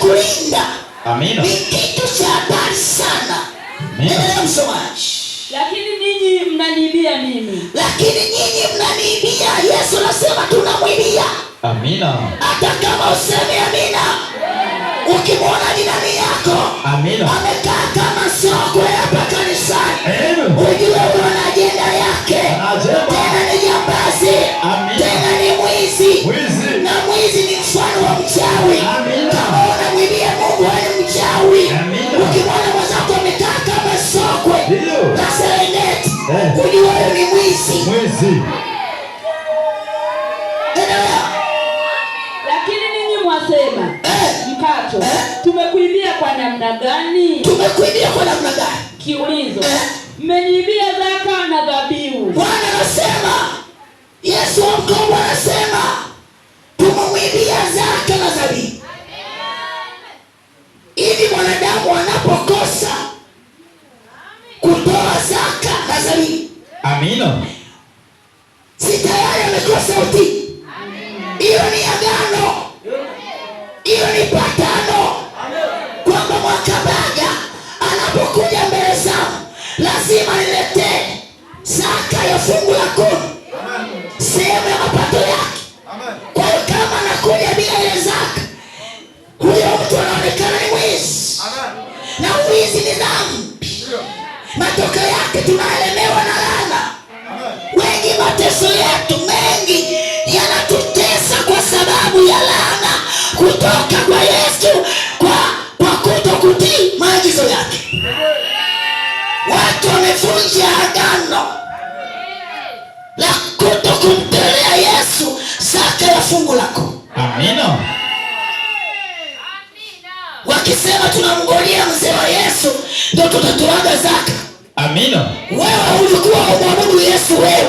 kulinda. Amina. Ni kitu cha hatari sana. Endelea msomaji. Lakini ninyi mnaniibia mimi. Lakini ninyi mnaniibia. Yesu anasema tunamwibia. Amina. Hata kama useme amina. Ukimwona jirani yako Amina. amekaa kama sokwe hapa kanisani, ujue kuna ajenda yake. Tena ni jambazi, Amina. tena ni mwizi, Mwizi. na mwizi ni mfano wa mchawi. Amina. Ujua ni mwizi. Mwizi. Lakini ninyi mwasema eh. mkato, eh. tumekuibia kwa namna gani? Tumekuibia kwa namna gani? Kiulizo. Eh. Mmeniibia zaka na dhabihu. Bwana anasema, Yesu wa mkombo anasema tumemwibia zaka na dhabihu. Hivi mwanadamu anapokosa sahihi. Amina. Si tayari ametoa sauti. Hiyo ni agano, hiyo ni patano, kwamba mwaka baada anapokuja mbele lazima zaka ya fungu la kumi, sehemu ya mapato yake. Kwa hiyo kama anakuja bila ile zaka, huyo mtu anaonekana ni mwizi, na ni dhambi, matokeo yake mateso yetu mengi yanatutesa kwa sababu ya laana kutoka kwa Yesu kwa, kwa kuto kutii maagizo yake. Watu wamevunja agano la kuto kumtolea Yesu zake ya fungu lako. Amina. Wakisema tunamngojea mzee wa Yesu ndio tutatoaga zaka. Amina. Wewe ulikuwa umwabudu Yesu wewe